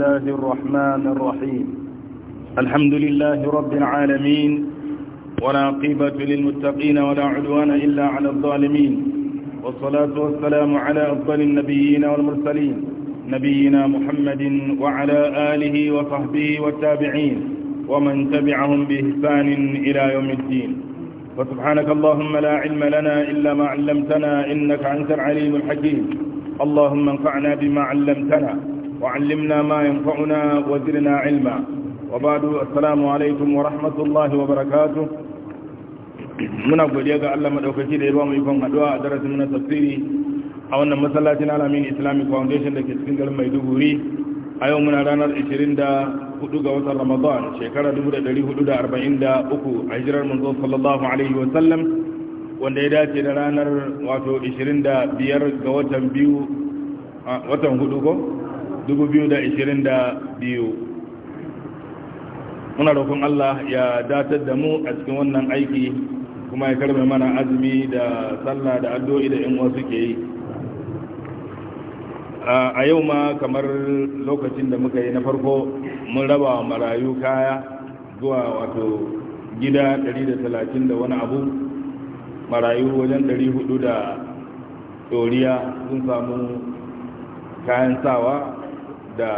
الله الرحمن الرحيم الحمد لله رب العالمين ولا قيبة للمتقين ولا عدوان إلا على الظالمين والصلاة والسلام على أفضل النبيين والمرسلين نبينا محمد وعلى آله وصحبه والتابعين ومن تبعهم بإحسان إلى يوم الدين وسبحانك اللهم لا علم لنا إلا ما علمتنا إنك أنت العليم الحكيم اللهم انفعنا بما علمتنا وعلمنا ما ينفعنا وزرنا علما وبعد السلام عليكم ورحمة الله وبركاته muna godiya ga Allah madaukaki da ya ba mu ikon haduwa a darasin muna tafsiri a wannan masallacin alamin islamic foundation da ke cikin garin maiduguri a yau muna ranar 24 ga watan ramadan shekara 1443 a hijirar manzo sallallahu alaihi wa wanda ya dace da ranar wato 25 ga watan biyu watan hudu ko 2022 muna roƙon Allah ya datar da mu a cikin wannan aiki kuma ya karbe mana azumi da sallah da addu'o'i da in wasu ke yi a yau ma kamar lokacin da muka yi na farko mun raba marayu kaya zuwa wato gida 130 da wani abu marayu wajen 400 da doriya sun samu kayan sawa da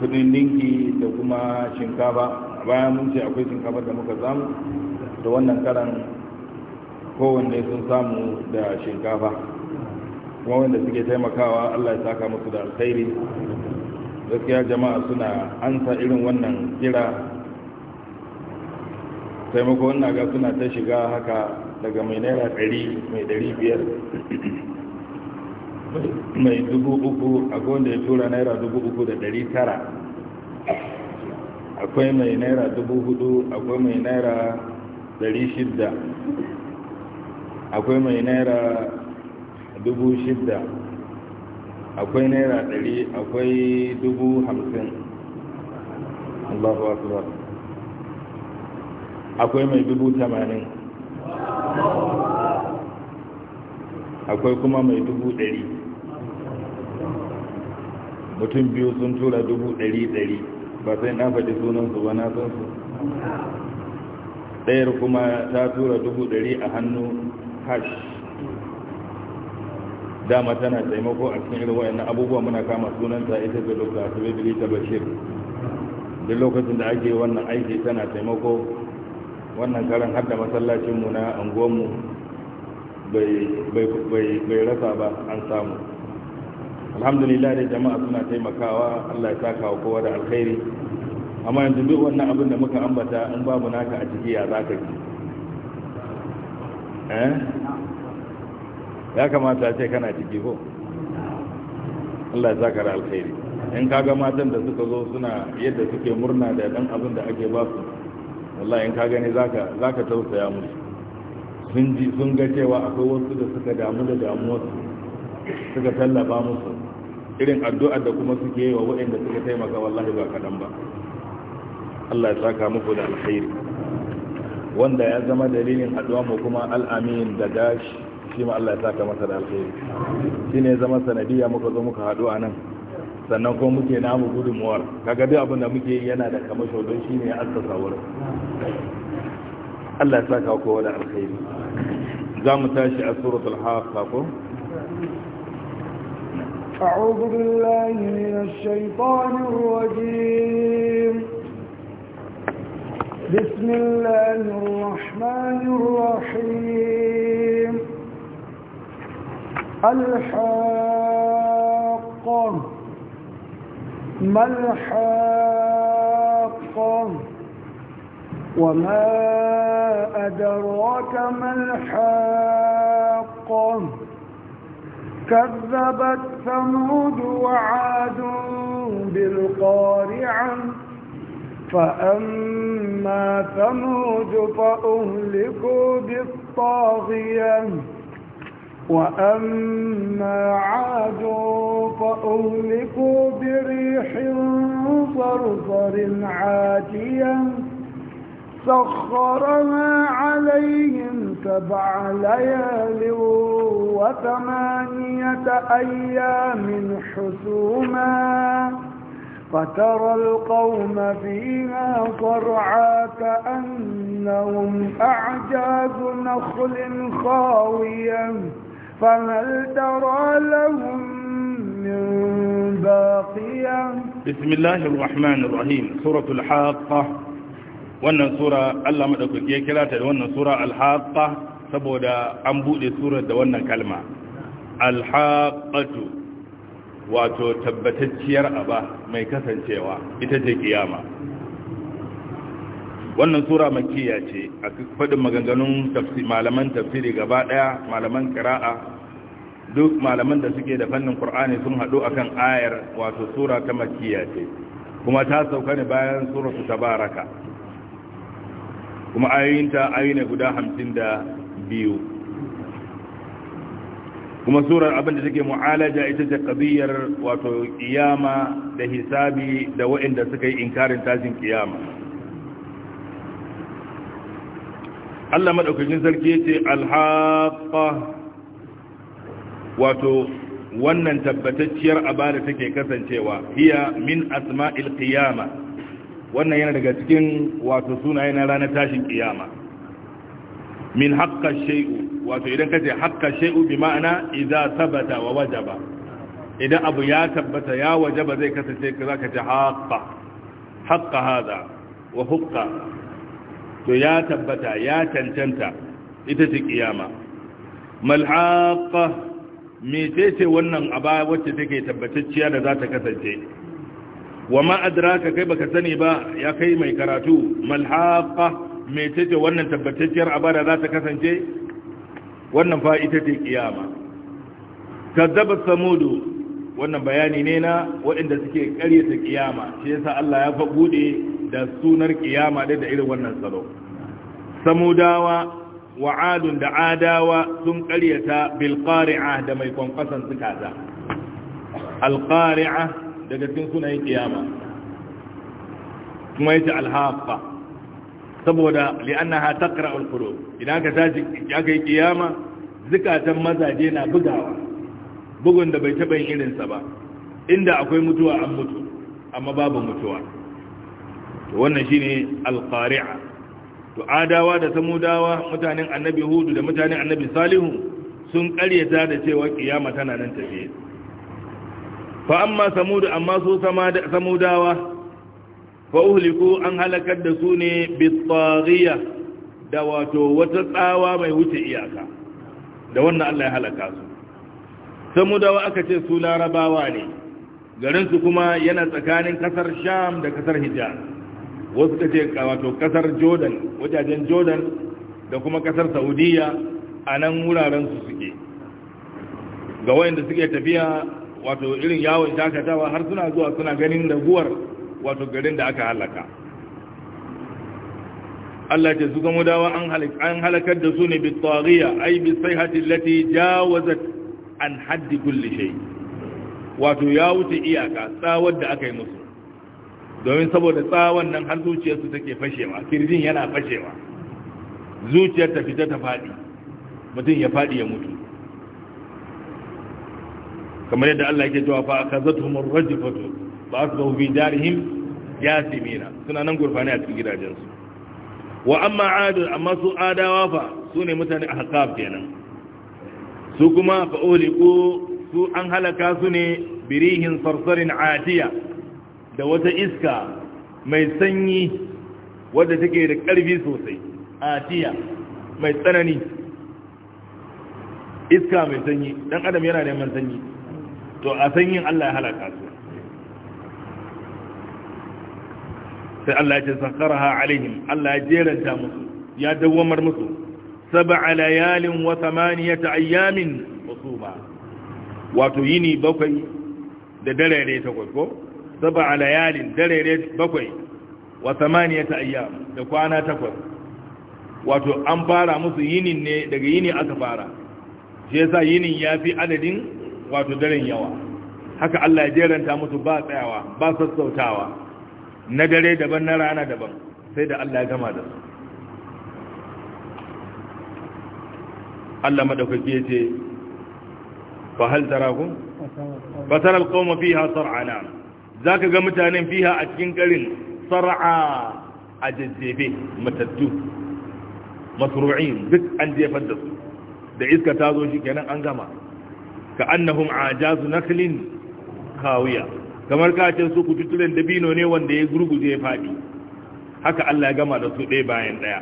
kudin ninki da kuma shinkafa bayan mun ce akwai shinkafa da muka samu da wannan karan kowanne sun samu da shinkafa kuma wanda suke taimakawa allah ya saka musu da alkhairi gaskiya jama'a suna ansa irin wannan kira taimako wannan ga suna ta shiga haka daga mai naira 100 mai 500 mai dubu uku akwai da ya tura naira dubu uku da dari tara akwai mai naira dubu hudu akwai mai naira dari shidda akwai mai naira dubu shidda akwai naira dari akwai dubu hamsin allahu akbar akwai mai dubu tamanin akwai kuma mai dubu dari mutum biyu sun tura dubu ɗari ɗari ba sai na faɗi sunansu ba na san ɗayar kuma ta tura dubu ɗari a hannu hash dama tana taimako a cikin irin wayannan abubuwa muna kama sunanta ita ce dr asibibili ta bashir duk lokacin da ake wannan aiki tana taimako wannan karan har da masallacinmu na anguwanmu bai rasa ba an samu alhamdulillah da jama'a suna taimakawa allah ya saka wa kowa da alkhairi amma yanzu duk wannan abin da muka ambata in babu naka a ciki ya za ka ji eh ya kamata ce kana ciki ko allah ya saka da alkhairi in kaga matan da suka zo suna yadda suke murna da dan abin da ake ba su wallahi in kaga ne zaka zaka tausaya musu sun ji sun ga cewa akwai wasu da suka damu da damuwarsu suka tallafa musu irin addu'ar da kuma suke yi wa waɗanda suka taimaka wallahi ba kaɗan ba Allah ya saka muku da alkhairi wanda ya zama dalilin addu’a mu kuma al'amin da Gashi, shi ma Allah ya saka masa da alkhairi shi ne zama sanadiyya muka zo muka haɗu a nan sannan kuma muke namu gudunmuwar kaga duk abin da muke yana da kamasho don shi ne ya assasa wurin Allah ya saka kowa da alkhairi za mu tashi a suratul haqqa ko أعوذ بالله من الشيطان الرجيم بسم الله الرحمن الرحيم الحق ما الحق وما أدراك ما الحق كذبت ثمود وعاد بالقارعة فأما ثمود فأهلكوا بالطاغية وأما عاد فأهلكوا بريح صرصر عاتية سخرها عليهم سبع ليال وثمانية أيام حسوما فترى القوم فيها صرعا كأنهم أعجاز نخل خاويا فهل ترى لهم من باقيا بسم الله الرحمن الرحيم سورة الحاقة wannan sura Allah madaukaki ya kira ta da wannan sura al-haqqa saboda an bude surar da wannan kalma al-haqqatu wato tabbatacciyar aba mai kasancewa ita ce kiyama wannan sura makkiya ce a fadin maganganun tafsir malaman tafsiri gaba daya malaman qira'a duk malaman da suke da fannin Qur'ani sun haɗu akan ayar wato sura ta makkiya ce kuma ta sauka ne bayan suratu tabaraka kuma ayoyinta ayoyi guda hamsin da biyu kuma surar abinda da take mu'alaja ita ce ƙabiyar wato ƙiyama da hisabi da waɗanda suka yi inkarin tashin kiyama Allah maɗaukakin sarki ce alhaqa wato wannan tabbatacciyar abada take kasancewa hiya min asma'il ƙiyama. wannan yana daga cikin wato sunaye na ranar tashin kiyama min haqqa shay'u wato idan kace haqqa shay'u bi ma'ana idza sabata wa wajaba idan abu ya tabbata ya wajaba zai kasance ka zaka ce haqqa haqqa hada wa haqqa to ya tabbata ya cancanta ita ce kiyama mal haqqa mece ce wannan aba wacce take tabbatacciya da za ta kasance wa ma ka kai baka sani ba ya kai mai karatu malhaqa mai tace wannan tabbatacciyar abada za ta kasance wannan fa ita ce kiyama kadzaba samudu wannan bayani ne na waɗanda suke ƙaryata kiyama shi yasa Allah ya fa bude da sunar kiyama da irin wannan salo samudawa wa adun da adawa sun ƙaryata bilkari'a da mai kwankwasan zukata al daga cikin sunayen kiyama kuma yace alhaqa saboda li'annaha taqra alqulub idan ka taji aka yi kiyama zikatan mazaje na bugawa bugun da bai taba yin irin sa ba inda akwai mutuwa an mutu amma babu mutuwa to wannan shine al to adawa da samudawa mutanen annabi hudu da mutanen annabi salihu sun ƙaryata da cewa kiyama tana nan tafiye fa amma samudu amma su samudawa fa uhliku an halakar da su ne bitariya da wato wata tsawa mai wuce iyaka da wannan Allah ya halaka su samudawa aka ce su larabawa ne garinsu kuma yana tsakanin kasar sham da kasar hijaz wasu ta ce wato kasar jordan wajajen jordan da kuma kasar saudiya a nan wuraren su suke ga wayanda suke tafiya wato irin yawon shakatawa har suna zuwa suna ganin raguwar wato garin da aka halaka Allah ce su gamo dawa an halakar da su ne bi tsariya ai bi sai lati jawazat an haddi kulle shai wato ya wuce iyaka tsawar da aka yi musu domin saboda tsawon nan har zuciyarsu take fashewa kirjin yana fashewa zuciyar ta fita ta faɗi mutum ya faɗi ya mutu kamar yadda Allah yake cewa fa akazatuhum ar-rajfatu fa asbahu fi darihim yasimina suna nan gurfani a cikin gidajensu wa amma adu amma su adawa fa su ne mutane a hakab kenan su kuma fa uliku su an halaka su ne birihin sarsarin atiya da wata iska mai sanyi wadda take da ƙarfi sosai atiya mai tsanani iska mai sanyi dan adam yana neman sanyi to a san yin Allah ya halaka su sai Allah ya ce sakharaha alaihim Allah ya jeranta musu ya dawwamar musu sab'a layalin wa thamaniyata ayyamin ba. wato yini bakwai da dare ne takwai ko sab'a layalin ne bakwai wa thamaniyata ayyam da kwana takwai? wato an fara musu yinin ne daga yini aka fara shi yasa yinin fi adadin wato daren yawa haka Allah ya jeranta musu ba tsayawa ba sassautawa na dare daban na rana daban sai da Allah ya gama da su Allah madaukaki ya ce fa hal tarakum fatar alqawma fiha sar'ana zaka ga mutanen fiha a cikin garin sar'a a jajjebe matattu masru'in duk an jefar da su da iska ta zo shi kenan an gama ka annahum ajazu naklin kawiya kamar kacin su kututtulen dabino ne wanda ya gurguje ya faɗi haka Allah ya gama da su ɗaya bayan ɗaya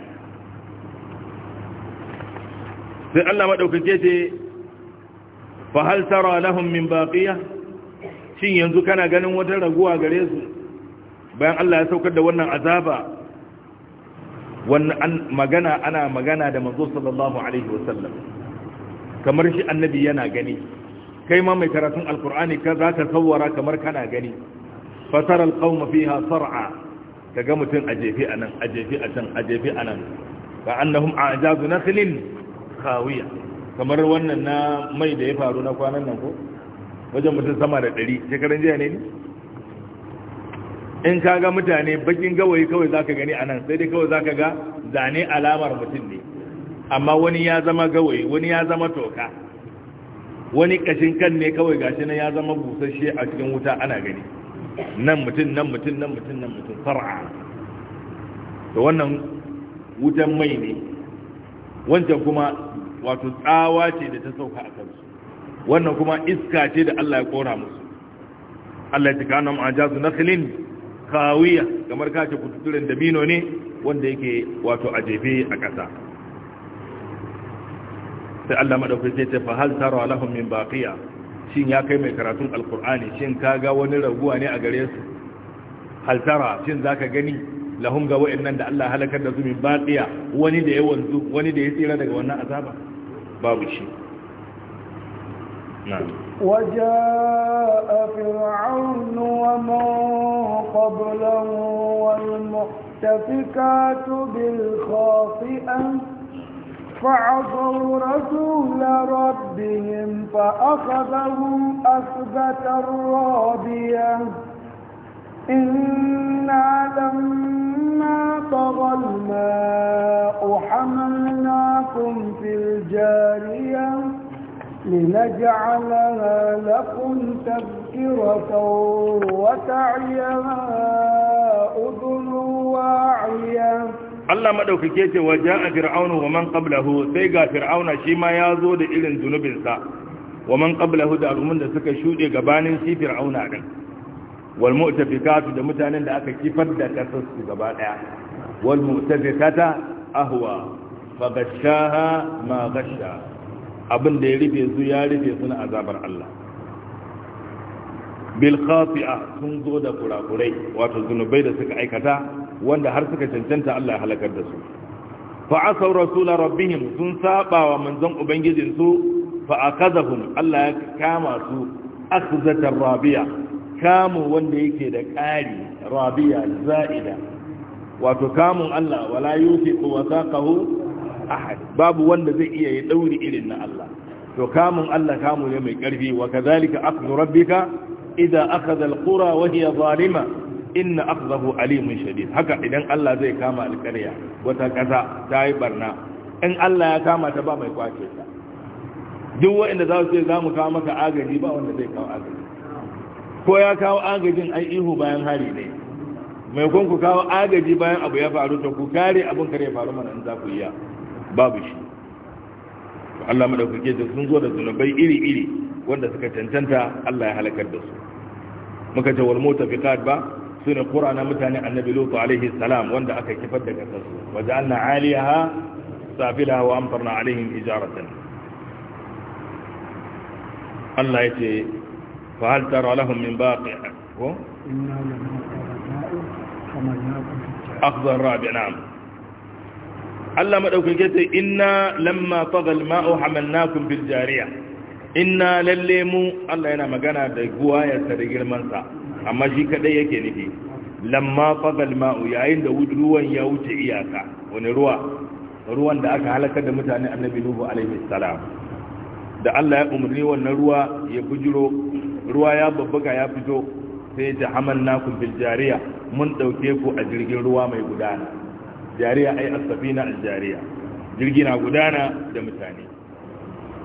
sai Allah maɗaukake ce fa hal tara lahum min baqiya shin yanzu kana ganin wata raguwa gare su bayan Allah ya saukar da wannan azaba wannan magana ana magana da manzo sallallahu alaihi wasallam kamar shi annabi yana gani kai ma mai karatun alkur'ani ka za ka tsawara kamar kana gani fasar mafi fiha sar'a ka ga mutum a jefi a nan a jefi a can a jefi a nan ka annahum a jazu na kawiya kamar wannan na mai da ya faru na kwanan nan ko wajen mutum sama da ɗari shekarun jiya ne in ka ga mutane bakin gawayi kawai za ka gani a nan sai dai kawai za ka ga zane alamar mutum ne amma wani ya zama gawayi wani ya zama toka wani kashin kan ne kawai gashi nan ya zama busasshe a cikin wuta ana gani nan mutum nan mutum nan mutum nan mutum far'a Da wannan wutan mai ne wancan kuma wato tsawa ce da ta sauka a kansu wannan kuma iska ce da Allah ya kora musu Allah ya tikana mu ajazu nakhlin kawiya kamar kace kututuren dabino ne wanda yake wato a jefe a ƙasa sai Allah madaukake ce fa hal tara lahum min baqiya shin ya kai mai karatun alqur'ani shin kaga wani raguwa ne a gare su hal tara shin zaka gani lahum ga wa'annan da Allah halakar da su min baqiya wani da ya wanzu wani da ya tsira daga wannan azaba babu shi نعم وجاء فرعون ومن قبله والمؤتفكات بالخاطئة فعصوا رسول ربهم فأخذهم أخذة رابية إنا لما طغى الماء حملناكم في الجارية لنجعلها لكم تذكرة وتعيها أذن واعية Allah maɗaukake ce wa a fir'aunu wa man qablahu sai ga fir'auna shi ma ya zo da irin zunubinsa wa man qablahu da al'umman da suka shuɗe gabanin shi fir'auna din wal mu'tafikatu da mutanen da aka kifar da su gaba ɗaya, wal mu'tafikata ahwa fa gashaha ma gasha abin da ya rufe su ya rufe su na azabar Allah bil khati'a sun zo da kurakurai wato zunubai da suka aikata wanda har suka cancanta Allah ya halakar da su fa asaw rasula rabbihim sun saba wa manzon ubangijin su fa akazahum Allah ya kama su akhzatar rabiya kamu wanda yake da ƙari rabiya za'ida wato kamun Allah wala yusiqu wasaqahu ahad babu wanda zai iya ya dauri irin na Allah to kamun Allah kamu ne mai ƙarfi wa kadhalika akhdhu rabbika idza akhadha alqura wa hiya zalima inna akhdahu alimun shadid haka idan Allah zai kama alƙarya wata ƙasa ta yi barna in Allah ya kama ta ba mai kwace ta duk waɗanda za su ce za mu kawo maka agaji ba wanda zai kawo agaji ko ya kawo agajin ai ihu bayan hari ne mai kun ku kawo agaji bayan abu ya faru to ku kare abin kare faru mana in za ku iya babu shi Allah madaukake da sun zo da zunubai iri-iri wanda suka cancanta Allah ya halakar da su muka ce wal mutafiqat ba su ne ƙurana mutane annabi lutu alaihi salam wanda aka kifar da ƙasarsu waje an na aliyaha sabila wa amfarna alaihim ijaratan Allah ya ce fa hal tara lahum min baqi ko inna lahum akhdar rabi na'am Allah madaukake ce inna lamma tagal ma'u hamalnakum bil jariya inna lalle mu Allah yana magana da guwayarsa da girman sa amma shi kadai yake nufi lamma fagal ma'u yayin da ruwan ya wuce iyaka wani ruwa ruwan da aka halaka da mutane annabi nuhu alaihi salam da Allah ya umarni wannan ruwa ya bujiro ruwa ya babbaka ya fito sai ta hamalna ku bil jariya mun dauke ku a jirgin ruwa mai gudana jariya ai as-safina al-jariya jirgi na gudana da mutane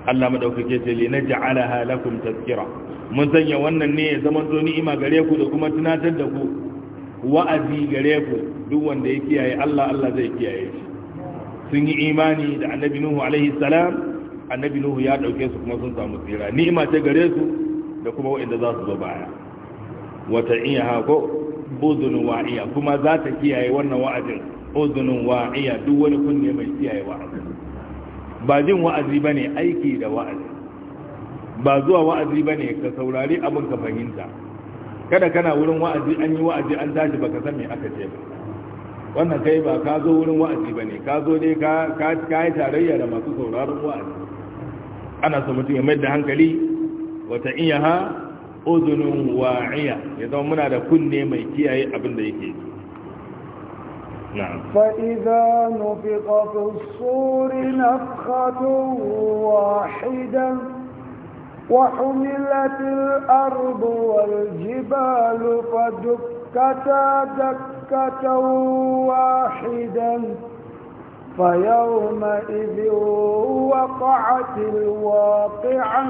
Allah madaukake ce li naj'alaha lakum tazkira mun sanya wannan ne ya zama to ni'ima gare ku da kuma tunatar da ku wa'azi gare ku duk wanda ya kiyaye Allah Allah zai kiyaye shi sun yi imani da annabi nuhu alaihi salam annabi nuhu ya dauke su kuma sun samu tsira ni'ima ce gare su da kuma wa'anda za su zo baya wata iya hako uzunun wa'iya kuma za ta kiyaye wannan wa'azin uzunun wa'iya duk wani kunne mai kiyaye wa'azi ba jin wa'azi bane aiki da wa'azi ba zuwa wa'azi ba ne ka saurari abin ka fahimta kada kana wurin wa'azi an yi wa'azi an tashi baka san me aka ce ba wannan kai ba ka zo wurin wa'azi ba ne ka zo dai ka yi tarayya da masu sauraron wa'azi ana so mutum ya mai da hankali wata iya ha uzunin wa'iya ya zama muna da kunne mai kiyaye abin da yake فإذا نفق في الصور نفخة واحدة وحملت الأرض والجبال فدكتا دكة واحدا فيومئذ وقعت الواقعة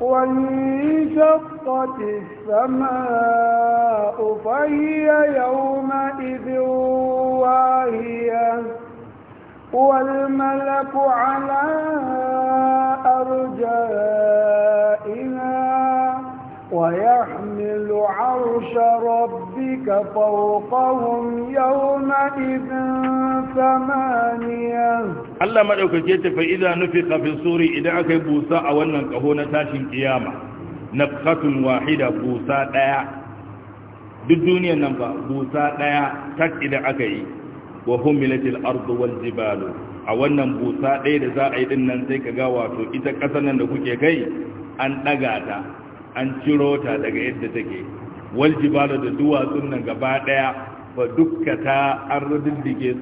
وانشقت السماء فهي يومئذ واهية والملك على أرجائها ويحمل عرش ربك فوقهم يومئذ ثمانية الله ما يوكيت فإذا نفخ في الصور إذا أكي بوساء ونن هو تاشم القيامة نفخة واحدة بوساء دايا دي الدنيا نفخة بوساء دايا تك إذا أكي wa humilatil ardu wal jibalu a wannan busa ɗaya da za a yi din nan sai ka ga wato ita kasar nan da kuke kai an ɗaga ta an ciro ta daga yadda take wal jibalu da duwatsun nan gaba ɗaya fa dukkata an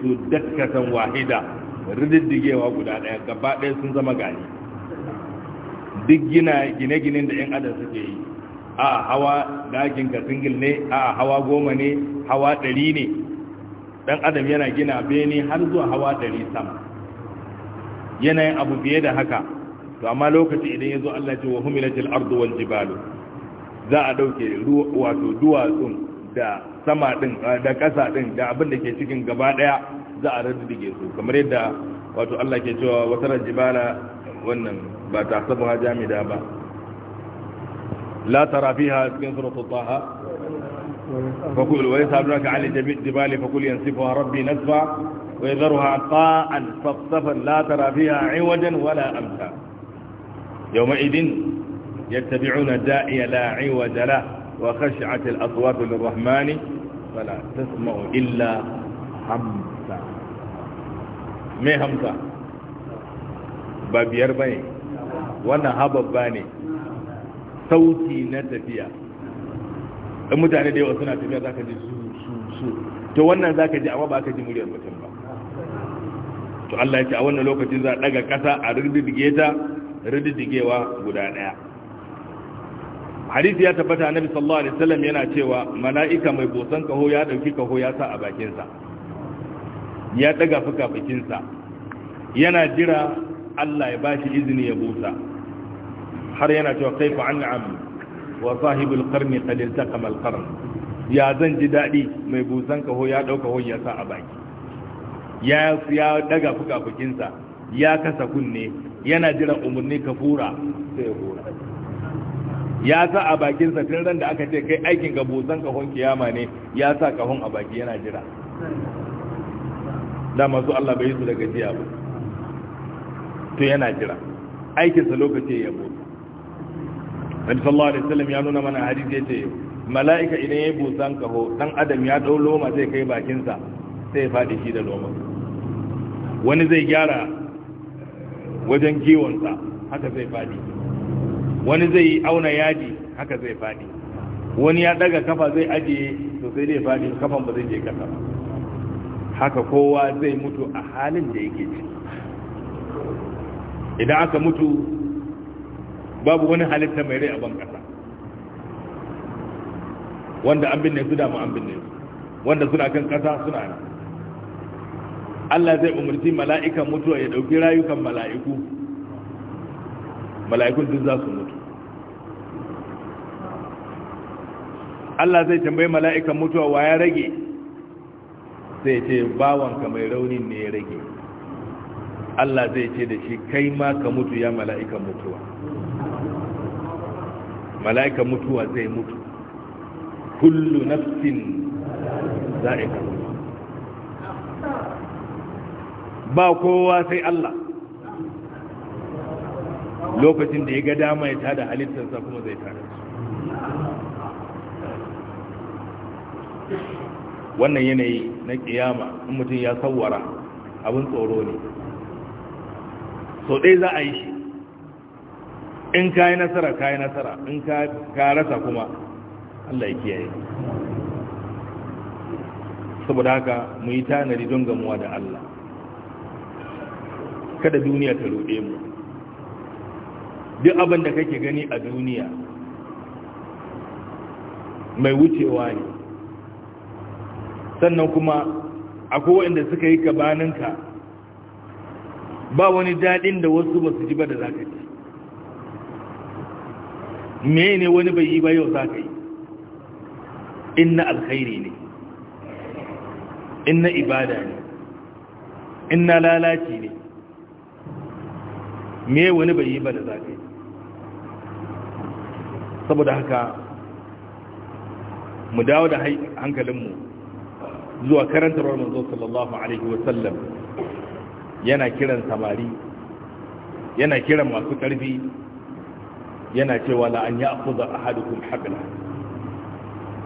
su dakkatan wahida riddigewa guda ɗaya gaba ɗaya sun zama gani duk gina gine-ginen da 'yan adam suke yi a hawa dakin ka singil ne a hawa goma ne hawa ɗari ne dan adam yana gina bene har zuwa hawa ɗari sama yanayin abu biye da haka to amma lokaci idan ya zo Allah ce wa humilatil ardu wal jibalu za a ɗauke wato duwatsun da sama ɗin da ƙasa ɗin da abin da ke cikin gaba ɗaya za a raddige su kamar yadda wato Allah ke cewa wata jibala wannan ba ta sabu jami'a ba la tara fiha cikin suratul taha فقل ويسألونك عن الجبال فقل ينسفها ربي نسفا ويذرها طاعا صفصفا لا ترى فيها عوجا ولا أمسا يومئذ يتبعون الداعي لا عوج له وخشعت الأصوات للرحمن فلا تسمع إلا همسا ما همسا باب يربعين وانا هبباني صوتي نتفيا in mutane da yawa suna tafiya za ka ji su su su to wannan za ka ji amma ba ka ji muryar mutum ba to Allah ya ce a wannan lokacin za a daga kasa a riddige ta riddigewa guda daya hadisi ya tabbata annabi sallallahu alaihi wasallam yana cewa mala'ika mai bosan kaho ya dauki kaho ya sa a bakin sa ya daga fukafukin sa yana jira Allah ya bashi izini ya busa har yana cewa kaifa an'am wa sahibul qarni qad iltaqama al qarn ya zan ji dadi mai busan kaho ya dauka hon ya sa a baki ya ya daga fukin sa ya kasa kunne yana jiran umurni kafura sai ya hura ya sa a bakin sa tun ran da aka ce kai aikin ga busan kahon kiyama ne ya sa kahon a baki yana jira da masu Allah bai su daga jiya ba to yana jira aikinsa lokaci ya yabo nabi sallallahu alaihi wasallam ya nuna mana hadisi yace mala'ika idan ya busan kaho dan adam ya dau loma zai kai bakin sa sai fadi shi da loma wani zai gyara wajen kiwon sa haka zai fadi wani zai auna yadi haka zai fadi wani ya daga kafa zai ajiye to sai zai fadi kafan ba zai je kasa haka kowa zai mutu a halin da yake ciki idan aka mutu babu wani halitta mai rai a ban kasa wanda an binne su da mu an binne su wanda suna kan kasa suna nan Allah zai umarci mala'ikan mutuwa ya dauki rayukan mala'iku mala'ikun duk za su mutu Allah zai tambayi mala'ikan mutuwa wa ya rage sai ce bawanka mai raunin ne ya rage Allah zai ce da shi kai ma ka mutu ya mala'ikan mutuwa mala'ika mutuwa zai mutu kullu nafsin za'ika ba kowa sai Allah lokacin da ya ga dama ya tada halittarsa kuma zai tada wannan yanayi na kiyama in mutum ya sawwara abin tsoro ne so dai za a yi shi in ka yi nasara ka yi nasara in ka rasa kuma Allah ya kiyaye saboda haka mu yi tanadi don gamuwa da Allah kada duniya ta ruɗe mu duk abin da kake gani a duniya mai wucewa ne sannan kuma akwai waɗanda suka yi gabaninka ba wani daɗin da wasu ba su ji ba da zakati. ji mene wani bai yi ba yau za ka yi inna alkhairi ne inna ibada ne inna lalaci ne me wani bai yi ba da za ka yi saboda haka mu dawo da hankalinmu zuwa karantarwar manzo sallallahu alaihi wasallam yana kiran samari yana kiran masu ƙarfi yana cewa la an ya'khudha ahadukum habla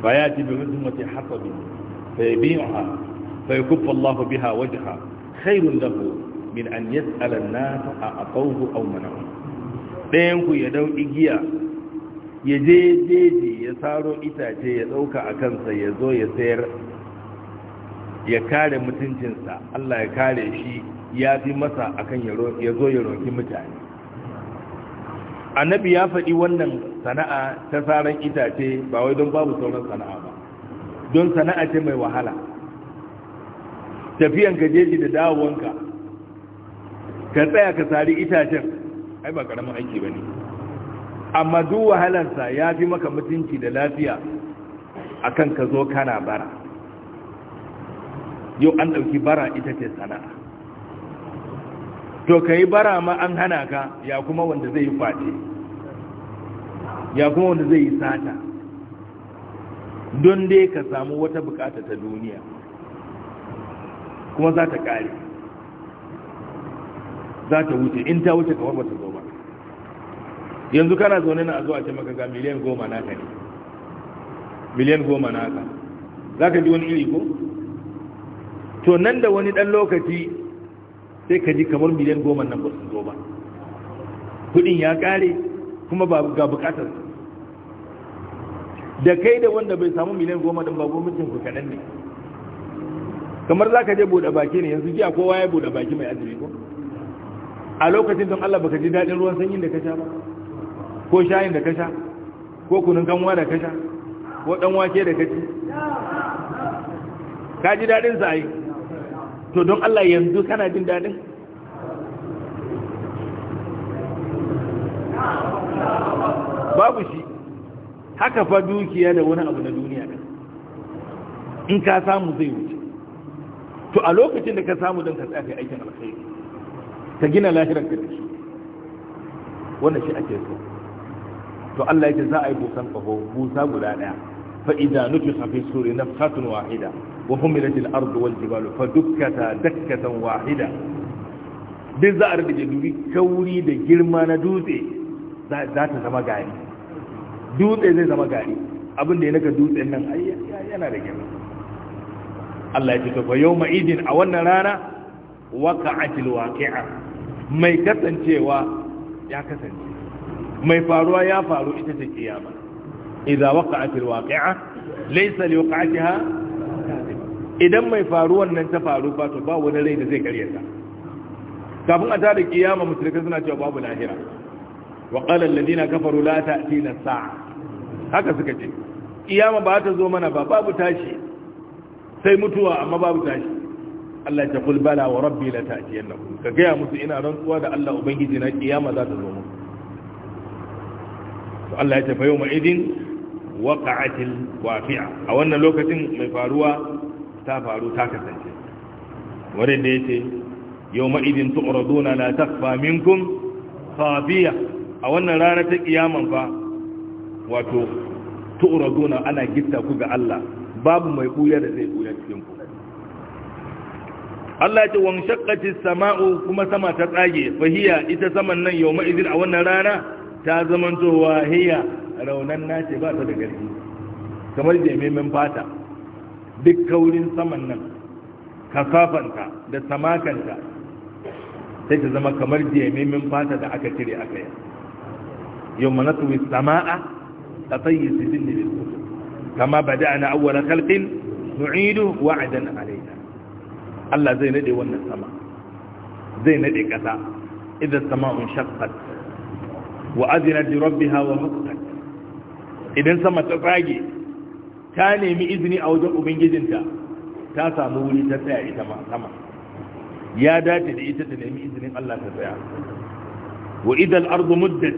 fa yati bi mithmati hasabi fa yabi'uha fa yakuffa Allah biha ha khairun lahu min an yas'ala na nas a'tawhu aw mana'u ɗayan ku ya dau igiya ya je jeji ya saro itace ya ɗauka a kansa ya zo ya sayar ya kare mutuncinsa Allah ya kare shi ya fi masa akan ya zo ya roki mutane annabi ya faɗi wannan sana'a ta saran itace ba wai don babu sauran sana'a ba don sana'a ce mai wahala tafiyan ka jeji da dawowanka ka tsaya ka sari itacen ai ba karamin aiki ba ne amma duk wahalarsa ya fi maka mutunci da lafiya akan ka zo kana bara yau an ɗauki bara ita ce sana'a to ka yi bara ma an hana ka ya kuma wanda zai yi face ya kuma wanda zai yi sata don dai ka samu wata bukata ta duniya kuma za ta kare za ta wuce in ta wuce kamar wata goma zo ba yanzu kana zaune na a zuwa ce makaga miliyan goma naka ne miliyan goma naka za ka ji wani iri ko to nan da wani dan lokaci sai ka ji kamar miliyan goma nan ba su zo ba kudin ya kare kuma ba ga bukatar da kai da wanda bai samu miliyan goma don babu mutum ku kaɗan ne kamar za ka je buɗe baki ne yanzu jiya kowa ya buɗe baki mai azumi ko a lokacin don Allah baka ji daɗin ruwan sanyin da ka sha ba ko shayin da ka sha ko kunun kanwa da ka sha ko ɗan wake da ka ci ka ji daɗin sa to don Allah yanzu kana jin daɗin babu shi haka fa dukiya da wani abu na duniya ne in ka samu zai wuce to a lokacin da ka samu don ka tsaye aikin alkhairi ka gina lahirar ka da shi wannan shi ake so to Allah yake za a yi busan kaho busa guda daya fa idza nutiha fi suri nafhatun wahida wa humilat al ardu wal jibalu fa dukkata dakkatan wahida duk za a rage dubi kauri da girma na dutse za ta zama gari dutse zai zama gari abin da ya naga dutsen nan yana da girma Allah ya ce to fa ma'idin idin a wannan rana ajil waqi'a mai kasancewa ya kasance mai faruwa ya faru ita ce kiyama idza waqa'atil waqi'a laysa liwaqa'atiha idan mai faruwan nan ta faru ba to ba wani rai da zai karyata kafin a tada kiyama musulmai suna cewa babu lahira wa qala alladhina kafaru la ta'tina as-sa'a haka suka ce kiyama ba ta zo mana ba babu tashi sai mutuwa amma babu tashi Allah ya kul bala wa rabbi la ta'tiyannakum ka ga musu ina rantsuwa da Allah ubangiji na kiyama za ta zo muku to Allah ya ce tafi yawma idin waqa'atil waqi'a a wannan lokacin mai faruwa ta faru ta kasance wurin da yace yawma idin tu'raduna la takfa minkum khafiya a wannan rana ta kiyaman fa wato tu'raduna ana gitta ku ga Allah babu mai buya da zai buya cikin ku Allah ya ce wan shaqqatis sama'u kuma sama ta tsage fahiya ita saman nan yawma idin a wannan rana ta zaman towa hiya raunan nace ba ta da garki kamar jememin fata duk kaurin saman nan kasafanta da samakanta sai ta zama kamar jememin fata da aka cire aka yi يوم نطوي السماء تطي السجن للكفر كما بدأنا أول خلق نعيده وعدا علينا الله زي ندي ون السماء زي ندي كتا إذا السماء انشقت وأذنت لربها وحقت إذا السماء تفاجئ ta nemi izini a wajen ubangijinta ta samu wuri ta tsaya ita ma sama ya dace da ita ta nemi izinin Allah ta tsaya wa idal ardu muddat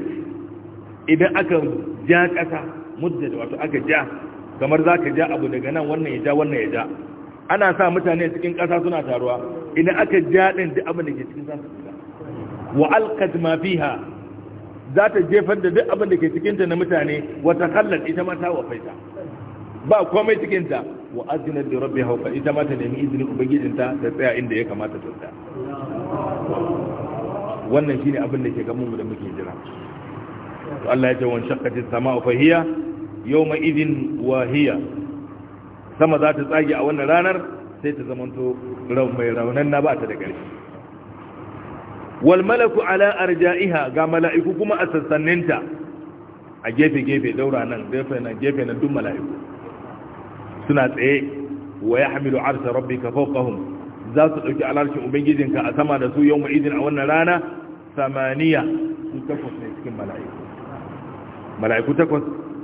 idan aka ja ƙasa mudda wato aka ja kamar za ka ja abu daga nan wannan ya ja wannan ya ja ana sa mutane cikin ƙasa suna taruwa idan aka ja ɗin duk abin da ke cikin zasu fita wa alkat ma fiha za ta jefar da duk abin da ke cikin ta na mutane wata kallar ita ma ta wafaita ba komai cikin ta wa azinar da rabbi hauka, ita ma ta nemi izinin ubangijin ta ta tsaya inda ya kamata ta tsaya wannan shine abin da ke gaban mu da muke jira to Allah ya ce wan shaqqatis sama'u fa hiya yawma idin wahiya sama za ta tsage a wannan ranar sai ta zamanto raun mai raunan na ba ta da ƙarfi wal malaku ala arja'iha ga mala'iku kuma a sassaninta a gefe gefe daura nan gefe nan gefe nan duk mala'iku suna tsaye wa yahmilu arsha rabbika fawqahum za su dauki alarshin ubangijinka a sama da su yawma idin a wannan rana samaniya su takwas cikin mala'iku mala'iku takwas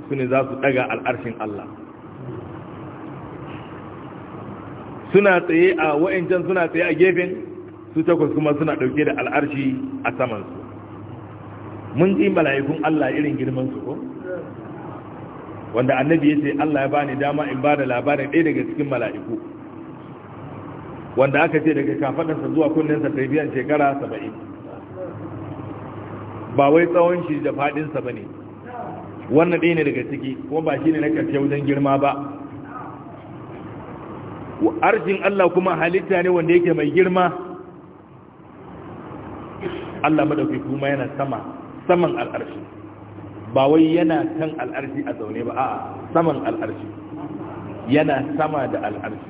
su ne za su daga al'arshin Allah suna tsaye a wa'incan suna tsaye a gefen su takwas kuma suna ɗauke da al'arshi a samansu mun ji mala'ikun Allah irin girman su ko wanda annabi ya ce Allah ya bani dama in ba da labarin ɗaya daga cikin mala'iku wanda aka ce daga kafaɗarsa zuwa kunninsa tafiyan shekara saba'in ba wai tsawon shi da faɗinsa ba ne wannan ɗaya ne daga ciki kuma ba shi ne na ƙarshe wajen girma ba arshin Allah kuma halitta ne wanda yake mai girma Allah madauki kuma yana sama saman al'arshi ba wai yana kan al'arshi a zaune ba a'a saman al'arshi yana sama da al'arshi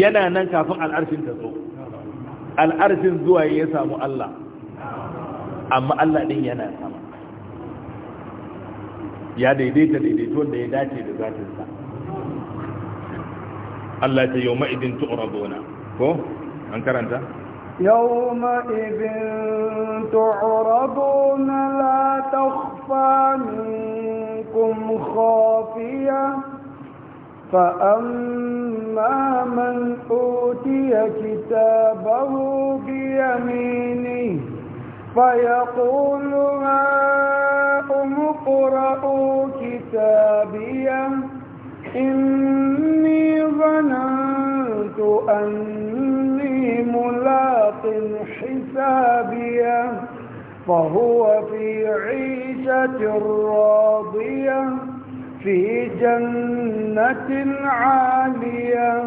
yana nan kafin al'arshin ta zo al'arshin zuwa ya samu Allah amma Allah din yana sama ya daidaita daidaito da ya dace da zatinsa Allah ta yau ma'idin tu'raduna ko an karanta يومئذ تعرضون لا تخفى منكم خافيه فأما من أوتي كتابه بيمينه فيقول هاؤم قرأوا كتابيا إني ظننت أني ملاق حسابيا فهو في عيشة راضية في جنة عالية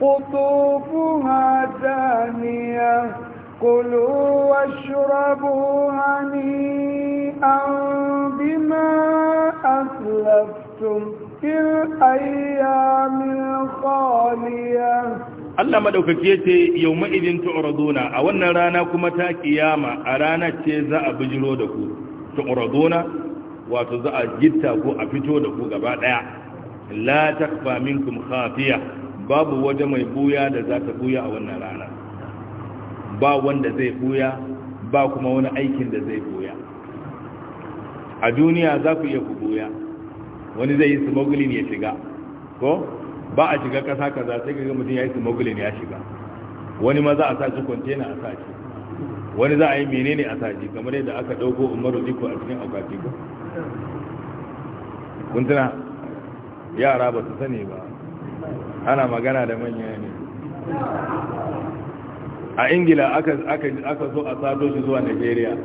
قطوفها دانية كلوا واشربوا هنيئا بما أسلفتم في الأيام الخالية Allah madaukaki yace yauma idin tu'raduna a wannan rana kuma ta kiyama a ranar ce za a bijiro da ku tu'raduna wato za a gitta ku a fito da ku gaba daya la takfa minkum khafiya babu waje mai buya da za ta buya a wannan rana ba wanda zai buya ba kuma wani aikin da zai buya a duniya za ku iya ku buya wani zai yi smuggling ya shiga ko ba a shiga kasa kaza sai kaga mutum ya yi smuggling ya shiga wani ma za a sa shi container a sa shi wani za a yi menene a sa shi kamar yadda aka dauko umaru diko a cikin akwati ko kun tuna yara ba su sani ba ana magana da manya ne a ingila aka so a sato shi zuwa nigeria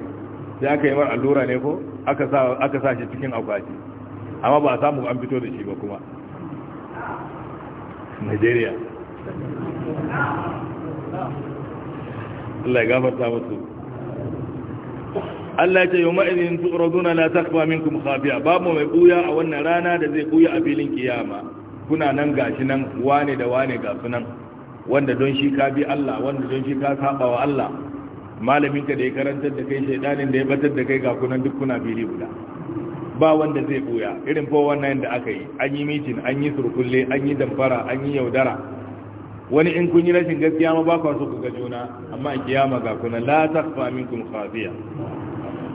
sai aka yi mar allura ne ko aka sa shi cikin akwati amma ba a samu an fito da shi ba kuma nigeria Allah ya gafarta musu Allah ce yau ma'izin tu'raduna la takfa minkum khabiya babu mai buya a wannan rana da zai buya a filin kiyama kuna nan gashi nan wane da wane gasu nan. wanda don shi ka bi Allah wanda don shi ka saba wa Allah malamin ka da ya karantar da kai shaidanin da ya batar da kai ga kunan duk kuna fili guda ba wanda zai boya irin fa wannan da aka yi an yi mitin an yi surkulle an yi damfara an yi yaudara wani in kun yi rashin gaskiya ma ba ku so ku ga juna amma in kiyama ga kuna la taqfa minkum khafiya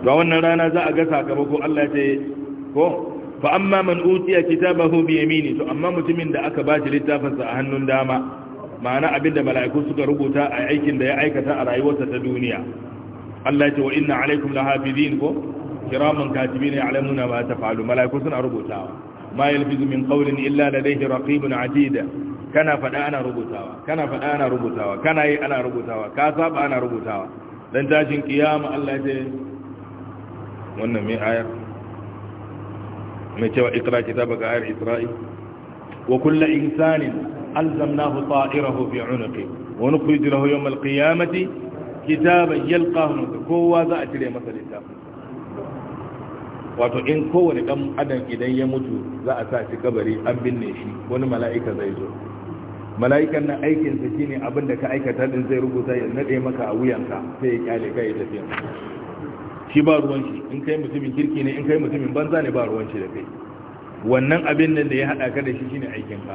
to wannan rana za a ga sakamako Allah ce ko fa amma man utiya kitabahu bi yamini to amma mutumin da aka ba shi littafinsa a hannun dama ma'ana abinda mala'iku suka rubuta a aikin da ya aikata a rayuwarsa ta duniya Allah ce wa inna alaikum lahafizin ko kiraman katibina ya'lamuna ma taf'alu mala'iku suna rubutawa ma yalfizu min qawlin illa ladayhi raqibun atida kana fada ana rubutawa kana fada ana rubutawa kana yi ana rubutawa ka saba ana rubutawa dan tashin kiyama Allah ce wannan mai ayar mai cewa ikra kitabaka ayar isra'i wa kullu insanin ألزمناه طائره في عنقه ونخرج له يوم القيامة كتابا يلقاه كوة ذات لي مثل التافه wato in kowane dan adam idan ya mutu za a sa shi kabari an binne shi wani mala'ika zai zo mala'ikan nan aikin su shine abin da ka aikata din zai rubuta ya nade maka a wuyanka sai ya kyale kai ya tafi shi ba ruwan shi in kai mutumin kirki ne in kai mutumin banza ne ba ruwan shi da kai wannan abin nan da ya hada ka da shi shine aikin ka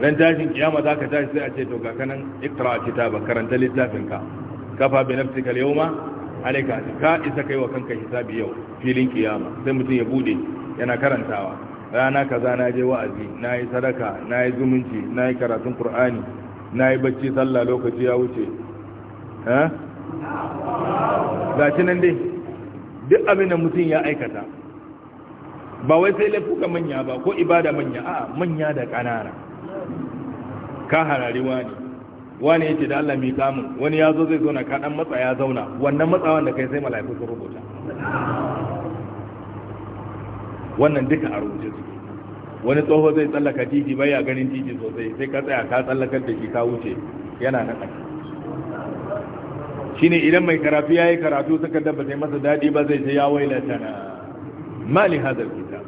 ran tashin kiyama za ka tashi sai a ce to ga kanan ikra kitaba karanta littafin ka kafa bi nafsika al-yawma alayka ka isa kai wa kanka hisabi yau filin kiyama sai mutum ya bude yana karantawa rana kaza na je wa'azi na yi sadaka na yi zumunci na yi karatun qur'ani na yi bacci sallah lokaci ya wuce ha ci nan dai duk abin da mutum ya aikata ba wai sai laifuka manya ba ko ibada manya a manya da ƙanana ka harari wani wani ya ce da Allah mi kamun wani ya zo zai zauna ka dan matsa ya zauna wannan matsawan da kai sai mala'iku su rubuta wannan duka a rubuce su wani tsoho zai tsallaka titi bai ya ganin titi sosai sai ka tsaya ka tsallakar da shi ka wuce yana na ƙasa shine idan mai karatu yayi karatu suka dabba sai masa dadi ba zai ce ya wailata na mali hadal kitab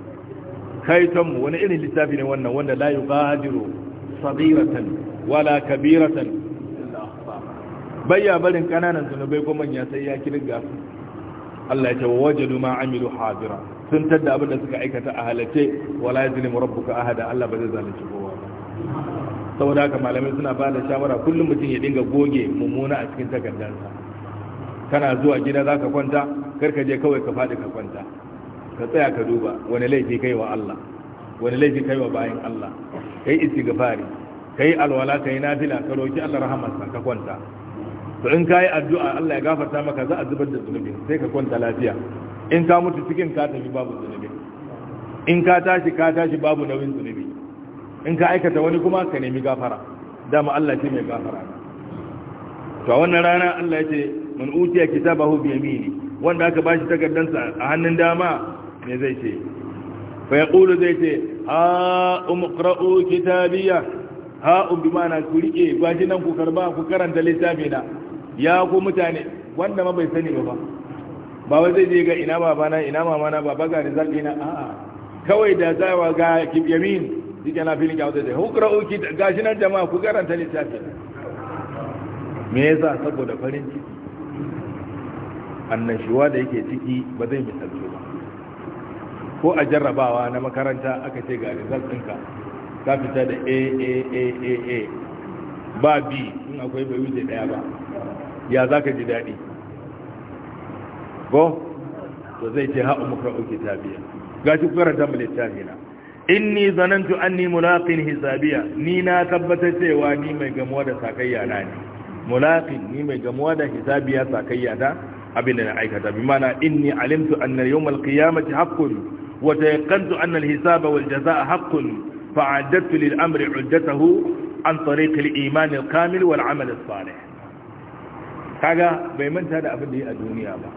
kaitan mu wani irin littafi ne wannan wanda la yuqadiru صغيرة ولا كبيرة بيا بلن كنانا سنبيكم من يسيا كرقا الله يتوجد ما عملوا حاضرا سنتد أبدا سكعيكة أهلتي ولا يزلم ربك أهدا الله بذيزا لشكوا saboda haka malamai suna ba da shawara kullum mutum ya dinga goge mummuna a cikin takardarsa kana zuwa gida za ka kwanta karka je kawai ka faɗi ka kwanta ka tsaya ka duba wani laifi kai wa Allah wani laifi kai wa bayan Allah kai istighfari kai alwala kai nafila ka roki Allah rahamarsa ka kwanta to in kai addu'a Allah ya gafarta maka za a zubar da zunubi sai ka kwanta lafiya in ka mutu cikin ka tafi babu zunubi in ka tashi ka tashi babu nauyin zunubi in ka aikata wani kuma ka nemi gafara dama Allah shi mai gafara to a wannan rana Allah ya ce man utiya kitabahu bi yamini wanda aka bashi takardansa a hannun dama me zai ce fa yaqulu zai ce ha umqra'u kitabiyya ha um bi ma'ana ku rike gwaji nan ku karba ku karanta littafi na ya ku mutane wanda ma bai sani ba ba ba wai zai je ga ina baba na ina mama na baba ga na a a kawai da zawa ga kibyamin dike na filin ga wadai da hukra'u kitabiya gashi nan jama'a ku karanta littafi me yasa saboda farin ciki annashuwa da yake ciki ba zai misaltu ba ko a jarrabawa na makaranta aka ce ga result ɗinka ka fita da a a a a a ba b in akwai bai wuce ɗaya ba ya za ka ji daɗi ko to zai ce ha'a muka uke tabiya ga shi karanta mu littafi na inni zanantu ni mulaƙin hisabiya ni na tabbatar cewa ni mai gamuwa da sakayya na ne Mulaƙin ni mai gamuwa da hisabiya sakayya na abinda na aikata bi mana in ni alimtu anna yau malƙiyamaci haqqun وتيقنت أن الحساب والجزاء حق فعددت للأمر عدته عن طريق الإيمان الكامل والعمل الصالح kaga bai manta da abin da yi a duniya ba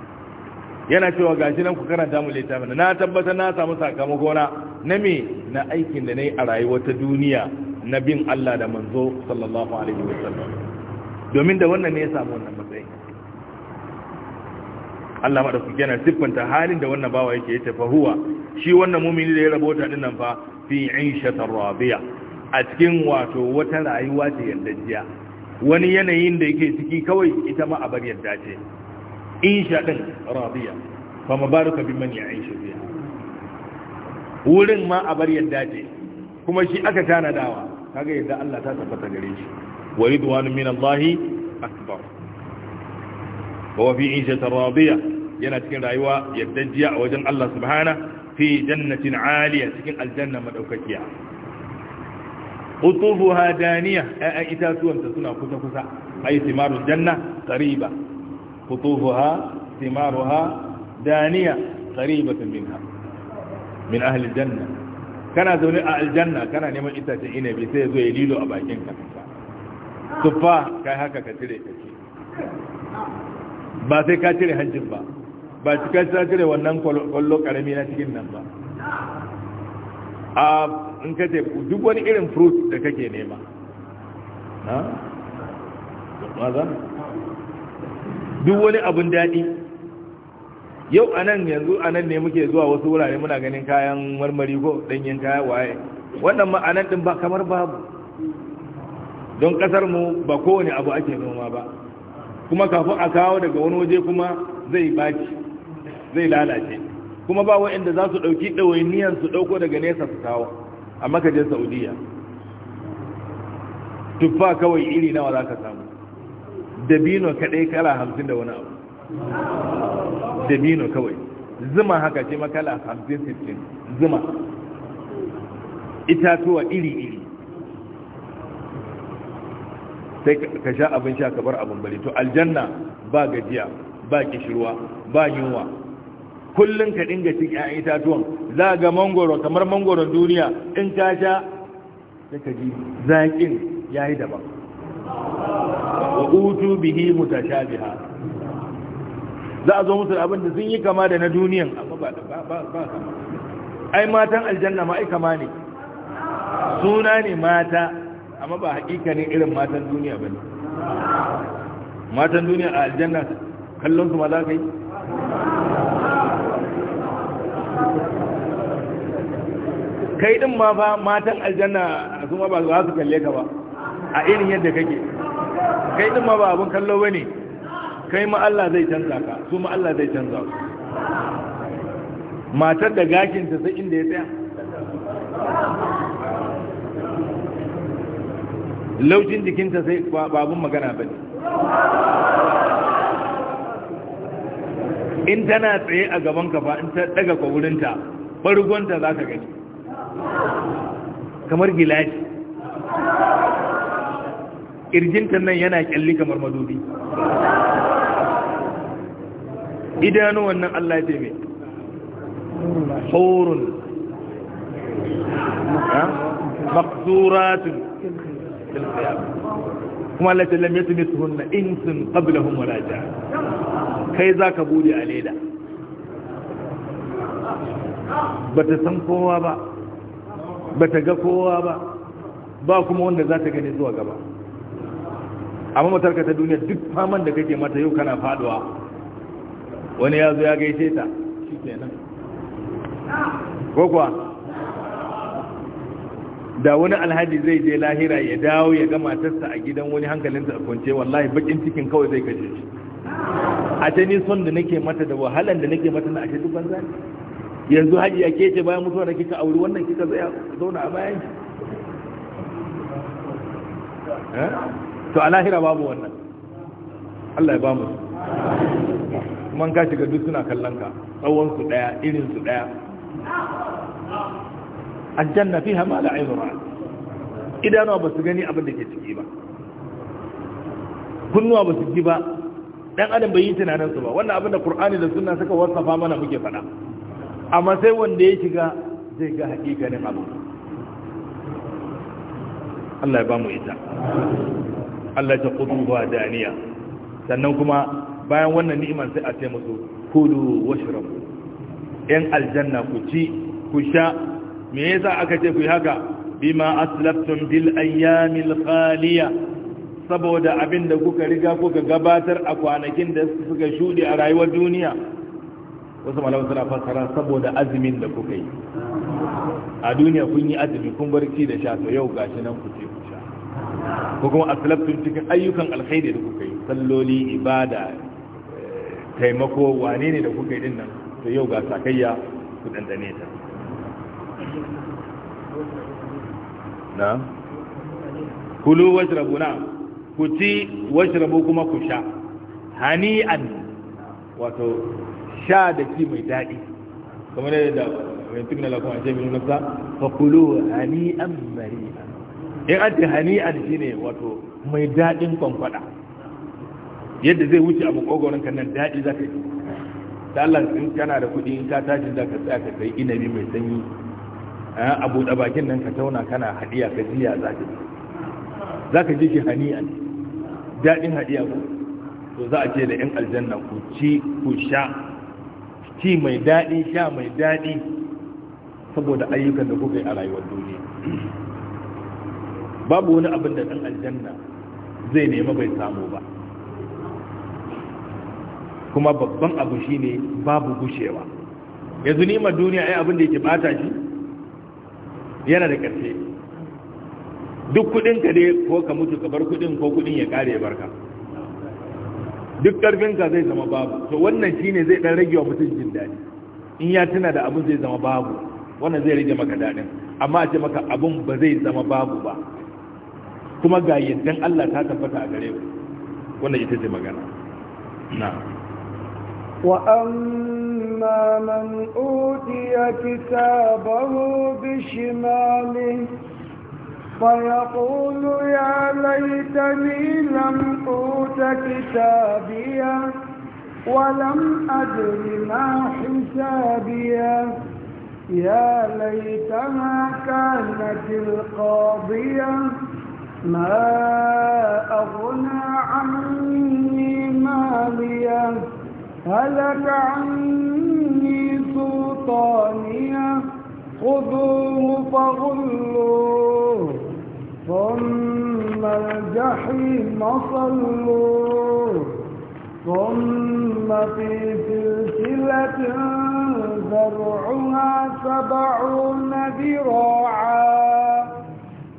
yana cewa gashi nan ku karanta mu littafin na tabbata na samu sakamako na na me na aikin da nayi a rayuwar ta duniya na bin Allah da manzo sallallahu alaihi wasallam domin da wannan ne ya samu wannan matsayi Allah madaukaki yana siffanta halin da wannan bawa yake yace fa huwa shi wannan mumini da ya rabota din nan fa fi aishatar rabiya a cikin wato wata rayuwa ce yardajjiya wani yanayin da yake ciki kawai ita ma a bar yarda ce insha din rabiya fa mabaraka bi man ya'ishu biha wurin ma a bar yarda ce kuma shi aka tanadawa kaga yadda Allah ta tabbata gare shi wa ridwanu min akbar wa fi ishatan radiya yana cikin rayuwa yardajjiya a wajen Allah subhana fi jannatin aliya cikin aljanna madaukakiya qutufuha daniya ayan itatuwan ta suna kusa kusa ay thimarul janna qariba qutufuha thimaruha daniya qaribatan minha min ahli aljanna kana zaune a aljanna kana neman itacen inabi sai ya zo ya lilo a bakin ka tuffa kai haka ka cire ka ci ba sai ka cire hancin ba ba shi ka cire wannan kwallo karami na cikin nan ba a in ka ce duk wani irin fruit da kake nema maza? duk wani abin daɗi yau a nan yanzu a nan ne muke zuwa wasu wurare muna ganin kayan marmari ko ɗanyen kayan waye wannan ma'anan ɗin ba kamar babu don ƙasar mu ba kowane abu ake noma ba kuma kafin a kawo daga wani waje kuma zai baci zai lalace kuma ba wa'inda za su ɗauki ɗawainiyan su ɗauko daga nesa su kawo a makajin saudiya tuffa kawai iri nawa za ka samu dabino kaɗai kala hamsin da wani abu dabino kawai zuma haka ce makala hamsin sittin zuma itatuwa iri-iri sai ka sha abin sha ka bar abin bari to aljanna ba gajiya ba kishirwa ba yunwa kullum ka dinga cin ƴaƴan itatuwan za ga mangoro kamar mangoron duniya in ka sha sai ka ji zaƙin yayi daban wa utu bihi mutashabiha za a zo musu abin da sun yi kama da na duniyan amma ba ba ba ai matan aljanna ma ai kama ne suna ne mata amma ba hakikanin irin matan duniya ba ne matan duniya a aljanna kallon su ma za ka yi kai din ma fa matan aljanna su ma ba za su kalle ka ba a irin yadda kake kai din ma ba abun kallo ba ne kai ma Allah zai canza ka su ma Allah zai canza su matar da gashinta sai inda ya tsaya Laucin jikinta sai babun magana ba in tana tsaye a gaban kafa in ta daga kwaurinta ɓargonta za ka gani kamar gilashi Irjinta nan yana ƙyalli kamar madubi Idanu wannan Allah ce mai horun maksuratun kuma Allah ta su tuni in sun ƙabila hun waraja kai za ka buɗe a leda ta san kowa ba ba ta ga kowa ba ba kuma wanda za ta gani zuwa gaba amma matarka ta duniya duk faman da kake mata yau kana faduwa wani ya zo ya gaishe ta shi kenan ko kuwa da wani alhaji zai je lahira ya dawo ya ga matarsa a gidan wani hankalinsa a kwance wallahi bakin cikin kawai zai kashe shi a ta ni son da nake mata da wahalan da nake mata na ashe duk banza yanzu haji ya kece bayan mutuwa da kika auri wannan kika zai zauna a bayan shi eh? to a lahira babu wannan Allah ya bamu man ka shiga duk suna kallon ka tsawon su daya irin su daya aljanna fiha ma la aynu ba su gani abin da ke ciki ba kunnuwa ba su ji ba dan adam bai yi tunanin su ba wannan abin da qur'ani da sunna suka wasafa mana muke fada amma sai wanda ya shiga zai ga hakikanin abu Allah ya ba mu ita Allah ta kutuwa daniya sannan kuma bayan wannan ni'imar sai a ce musu kudu washrabu yan aljanna ku ci ku sha me yasa aka ce ku yi haka bima aslaftum bil ayyamil khaliya saboda abin da kuka riga kuka gabatar a kwanakin da suka shudi a rayuwar duniya wasu malawa suna fassara saboda azumin da kuka yi a duniya kun yi azumi kun barci da sha to yau gashi nan ku ce ku sha ko kuma aslaftum cikin ayyukan alkhairi da kuka yi salloli ibada eh, taimako wane ne da kuka yi din nan to yau ga sakayya ku dandane ta kulu wajrabu na ku ci wajrabu kuma ku sha hani'an wato sha da ki mai daɗi kamar yadda mai tukna lafi a jami'in nasa fa kulu hani'an mari'a in an ce hani'an ne wato mai daɗin kwankwada yadda zai wuce abu kogonin ka nan daɗi za ka yi da Allah in kana da kuɗi in ka tashi za ka tsaya ka kai inabi mai sanyi Eh, a buɗe bakin nan ka tauna kana hadiya ka jiya za ka za ka ji shi hani'a daɗin hadiya ku to za a ce da 'yan aljanna ku ci ku sha ci mai daɗi sha mai daɗi saboda ayyukan da kuka yi a rayuwar duniya babu wani abin da ɗan aljanna zai nema bai samu ba kuma babban abu shine babu gushewa yanzu nima duniya ai abin da yake bata shi yana da ƙarfi duk kudin ka dai ko ka mutu ka bar kudin ko kudin ya kare ya barka duk ƙarfinka ka zai zama babu to wannan shine zai ɗan rage wa mutum jin daɗi in ya tuna da abun zai zama babu wannan zai rage maka daɗin amma a ce maka abun ba zai zama babu ba kuma ga yadda Allah ta tabbata a gare ku wannan ita ce magana na'am وأما من أوتي كتابه بشماله فيقول يا ليتني لم أوت كتابيا ولم أدر ما حسابيا يا ليتها كانت القاضية ما أغنى عني ماليا هلك عني سلطانيه خذوه فغلوه ثم الجحيم صلوه ثم في سلسلة ذرعها سبعون ذراعا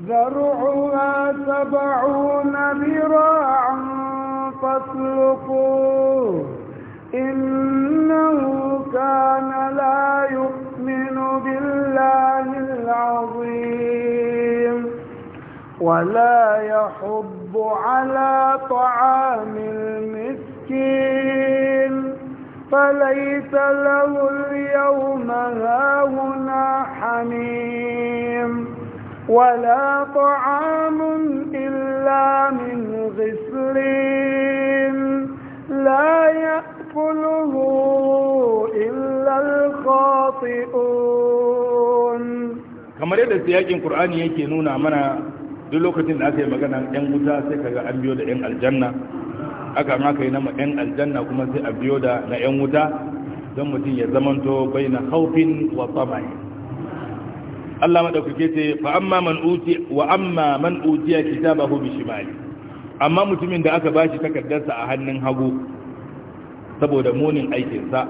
ذرعها سبعون ذراعا فاسلكوه إنه كان لا يؤمن بالله العظيم ولا يحب على طعام المسكين فليس له اليوم هاهنا حميم ولا طعام إلا من غسلين لا يأكل يدخله إلا الخاطئون كما يدى سياق القرآن يكي نونا منا duk lokacin da aka yi magana yan wuta sai kaga an biyo da yan aljanna aka ma kai na yan aljanna kuma sai a biyo da na yan wuta don mutum ya zamanto bai na haufin wa tsamai Allah ɗaukake ce fa amma man uti wa amma man utiya kitabahu bi shimali amma mutumin da aka bashi takardarsa a hannun hagu saboda munin aikinsa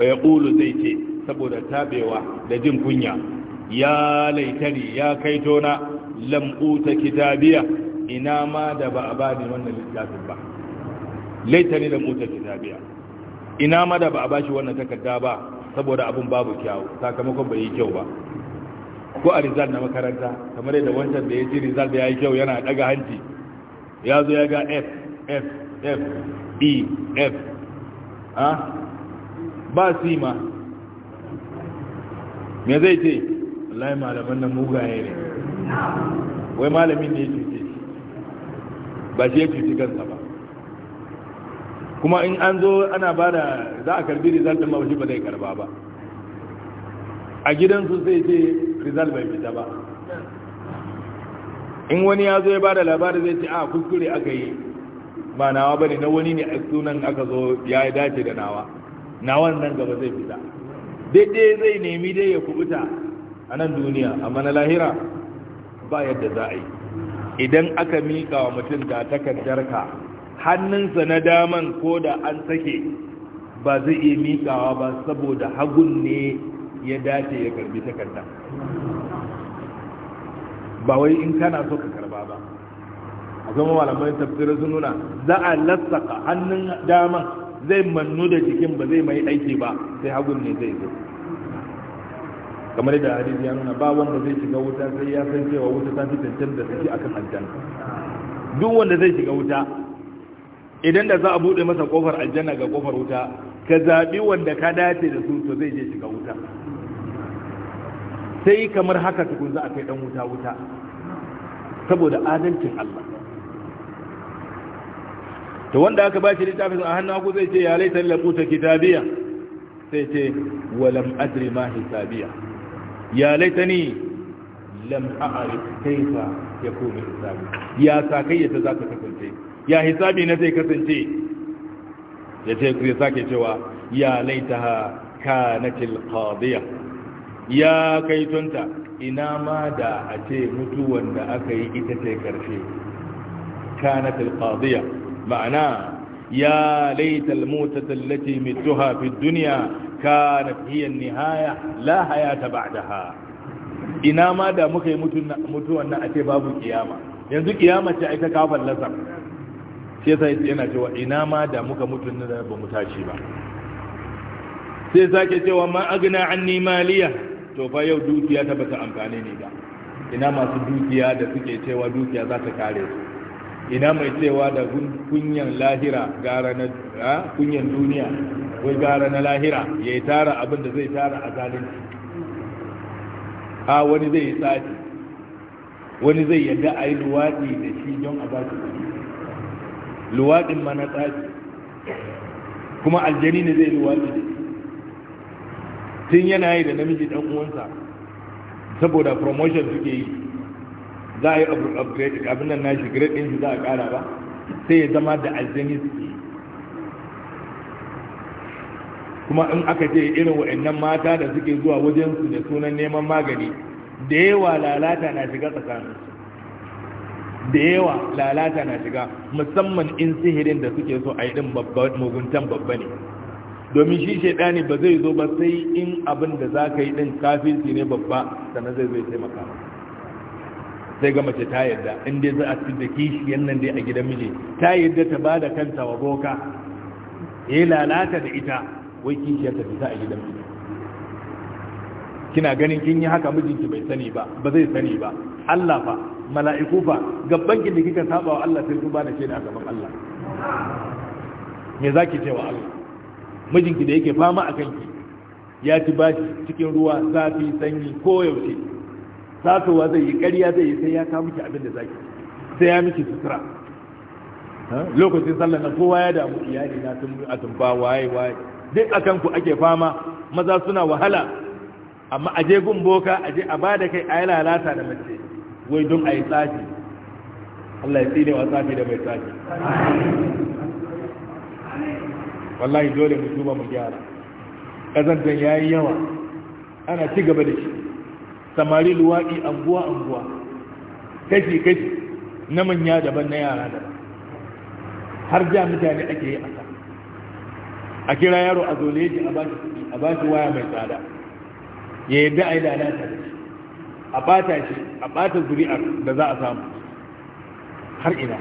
wa ya ƙulu zai ce saboda tabewa da jin kunya ya laitari ya kai tona lam'uta kitabiya ina ma da ba a bani wannan littafin ba laitari lam'uta kitabiya ina ma da ba a shi wannan takarda ba saboda abin babu kyau sakamakon bai yi kyau ba ko a rizal na makaranta kamar yadda wancan da ya ji rizal da ya yi kyau yana daga hanci ya zo ya ga f f f e f a ba sima me zai ce wallahi malaman nan mugaye ne wai malamin ne ya ba shi ya cuci kansa ba kuma in an zo ana ba da za a karbi result ma shi ba zai karba ba a gidansu sai ce result bai fita ba in wani ya zo ya ba da labari zai ce a ah, kuskure aka yi ba nawa bane na wani ne a sunan aka zo ya dace da nawa nawan nan gaba zai fita daidai zai nemi dai ya kubuta a nan duniya amma na lahira ba yadda za a yi idan aka miƙa wa mutum da takardar ka hannunsa na daman ko da an sake ba zai iya miƙawa ba saboda hagun ne ya dace ya karbi takardar. ba wai in kana so ka karba ba a zama malamai tafsirin sun nuna za a lassaka hannun daman zai manno da jikin ba zai mai aiki ba sai hagun ne zai zo kamar da hadisi ya nuna ba wanda zai shiga wuta sai ya san cewa wuta ta fi tantan da take akan aljanna duk wanda zai shiga wuta idan da za a buɗe masa kofar aljanna ga kofar wuta ka zaɓi wanda ka dace da su to zai je shiga wuta sai kamar haka tukun za a kai ɗan wuta wuta saboda adalcin Allah to wanda aka ba shi littafin a hannun ku zai ce ya laita laquta kitabiya sai ce walam adri ma hisabiya ya laitani lam a'rif kaifa yakunu hisabi ya sakai ya za ka kasance ya hisabi na zai kasance ya ce ku sake cewa ya laitaha kanatil qadiya ya kaitonta ina ma da a ce mutuwan da aka yi ita ce karshe kanatil qadiya ma'ana ya laital mutata allati mittuha fi dunya kanat hiya nihaya la hayata ba'daha ina ma da muka yi mutuwan na a ce babu kiyama yanzu kiyama ce ai ta kafan lasar sai sai yana cewa ina ma da muka mutun nan ba mu tashi ba sai sake cewa ma agna anni maliya to fa yau dukiya ta bata amfane ne ba ina masu dukiya da suke cewa dukiya za ta kare su ina mai tsewa da kunyan lahira gara na kunyan duniya wai gara na lahira ya yi tara abin da zai tara a zalunci a wani zai yi tsaki wani zai yadda a yi luwaɗi da shi don a baki luwaɗin mana tsaki kuma aljani ne zai luwaɗi da shi tun yana yi da namiji ɗan uwansa saboda promotion suke yi za a yi abin nan na shi grade ɗin shi za a ƙara ba sai ya zama da aljani kuma in aka ce irin wa'annan mata da suke zuwa wajen su da sunan neman magani da yawa lalata na shiga tsakanin da yawa lalata na shiga musamman in sihirin da suke so a yi ɗin muguntan babba ne domin shi shaidani ba zai zo ba sai in abin da za ka yi ɗin kafin ne babba sannan zai zai taimaka maka sai ga mace ta yadda in dai za a fi da kishi yannan dai a gidan miji ta yadda ta ba da kanta wa boka ya lalata da ita wai kishi ya tafi ta a gidan miji kina ganin kin yi haka mijinki bai sani ba ba zai sani ba Allah fa mala'iku fa gabban ki da kika saba wa Allah sai kun ba da shaida a gaban Allah me zaki ce wa Allah mijinki da yake fama a ki ya ci bashi cikin ruwa zafi sanyi ko yaushe tasowa zai yi ƙarya zai yi sai ya kawo miki abin da zaki sai ya miki sutura lokacin sallar nan kowa ya damu iyali na sun atumba waye waye duk akan ku ake fama maza suna wahala amma aje gun boka aje a bada kai a yi lalata da mace wai don a yi tsafi Allah ya tsine wa tsafi da mai tsafi wallahi dole mu tuba mu gyara kazantan yayi yawa ana ci gaba da shi samari luwaɗi anguwa anguwa kashi kashi na manya daban na yara daban har ja mutane ake yi a sa a kira yaro a zole yake a ba shi waya mai tsada ya yadda a yi lalata da shi a bata shi a ɓata zuri'ar da za a samu har ina